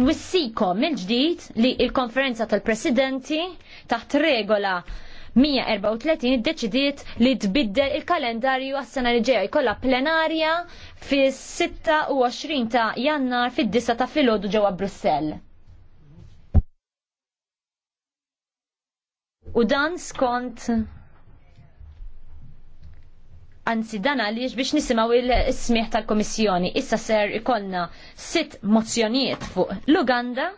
Nwissikom il-ġdid li il-konferenza tal-presidenti taħt regola 134 deċidiet li tbiddel il-kalendarju għas-sena li ġeja jkollha plenarja fis-26 ta' jannar fid-9 ta' filgħodu ġewwa Brussell. U dan skont Anzi, dan għaliex biex nisimaw il-smieħ tal-Komissjoni. Issa ser ikolna sitt mozzjonijiet fuq l-Uganda,